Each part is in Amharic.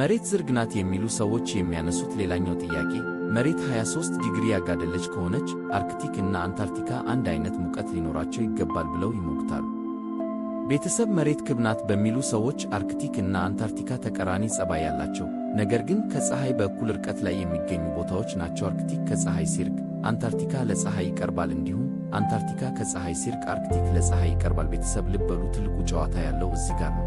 መሬት ዝርግ ናት የሚሉ ሰዎች የሚያነሱት ሌላኛው ጥያቄ መሬት 23 ዲግሪ ያጋደለች ከሆነች አርክቲክ እና አንታርክቲካ አንድ አይነት ሙቀት ሊኖራቸው ይገባል ብለው ይሞግታሉ። ቤተሰብ መሬት ክብ ናት በሚሉ ሰዎች አርክቲክ እና አንታርክቲካ ተቀራኒ ጸባይ ያላቸው ነገር ግን ከፀሐይ በእኩል ርቀት ላይ የሚገኙ ቦታዎች ናቸው። አርክቲክ ከፀሐይ ሲርቅ አንታርክቲካ ለፀሐይ ይቀርባል፣ እንዲሁም አንታርክቲካ ከፀሐይ ሲርቅ አርክቲክ ለፀሐይ ይቀርባል። ቤተሰብ ልብ በሉ፣ ትልቁ ጨዋታ ያለው እዚህ ጋር ነው።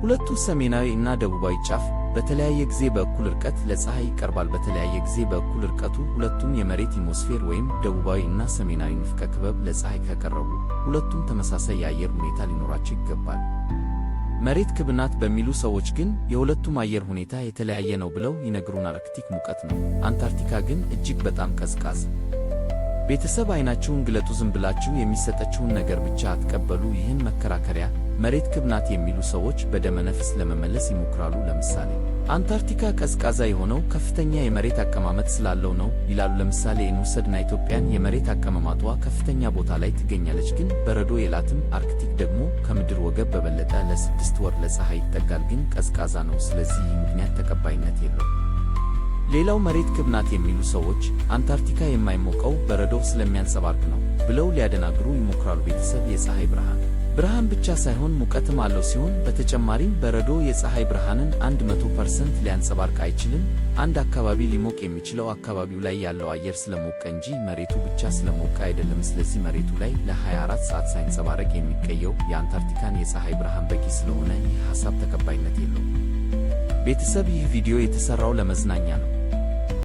ሁለቱ ሰሜናዊ እና ደቡባዊ ጫፍ በተለያየ ጊዜ በእኩል ርቀት ለፀሐይ ይቀርባል። በተለያየ ጊዜ በእኩል ርቀቱ ሁለቱም የመሬት ኢትሞስፌር ወይም ደቡባዊ እና ሰሜናዊ ንፍቀ ክበብ ለፀሐይ ከቀረቡ ሁለቱም ተመሳሳይ የአየር ሁኔታ ሊኖራቸው ይገባል። መሬት ክብ ናት በሚሉ ሰዎች ግን የሁለቱም አየር ሁኔታ የተለያየ ነው ብለው ይነግሩን። አርክቲክ ሙቀት ነው፣ አንታርክቲካ ግን እጅግ በጣም ቀዝቃዛ ቤተሰብ አይናችሁን ግለጡ። ዝም ብላችሁ የሚሰጠችውን ነገር ብቻ አትቀበሉ። ይህን መከራከሪያ መሬት ክብ ናት የሚሉ ሰዎች በደመነፍስ ለመመለስ ይሞክራሉ። ለምሳሌ አንታርክቲካ ቀዝቃዛ የሆነው ከፍተኛ የመሬት አቀማመጥ ስላለው ነው ይላሉ። ለምሳሌ እንውሰድና ኢትዮጵያን የመሬት አቀማመጧ ከፍተኛ ቦታ ላይ ትገኛለች፣ ግን በረዶ የላትም። አርክቲክ ደግሞ ከምድር ወገብ በበለጠ ለስድስት ወር ለፀሐይ ይጠጋል፣ ግን ቀዝቃዛ ነው። ስለዚህ ይህ ምክንያት ተቀባይነት የለው። ሌላው መሬት ክብ ናት የሚሉ ሰዎች አንታርክቲካ የማይሞቀው በረዶ ስለሚያንጸባርቅ ነው ብለው ሊያደናግሩ ይሞክራሉ። ቤተሰብ የፀሐይ ብርሃን ብርሃን ብቻ ሳይሆን ሙቀትም አለው ሲሆን በተጨማሪም በረዶ የፀሐይ ብርሃንን 100 ፐርሰንት ሊያንጸባርቅ አይችልም። አንድ አካባቢ ሊሞቅ የሚችለው አካባቢው ላይ ያለው አየር ስለሞቀ እንጂ መሬቱ ብቻ ስለሞቀ አይደለም። ስለዚህ መሬቱ ላይ ለ24 ሰዓት ሳይንጸባረቅ የሚቀየው የአንታርክቲካን የፀሐይ ብርሃን በቂ ስለሆነ ይህ ሐሳብ ተቀባይነት የለውም። ቤተሰብ ይህ ቪዲዮ የተሰራው ለመዝናኛ ነው።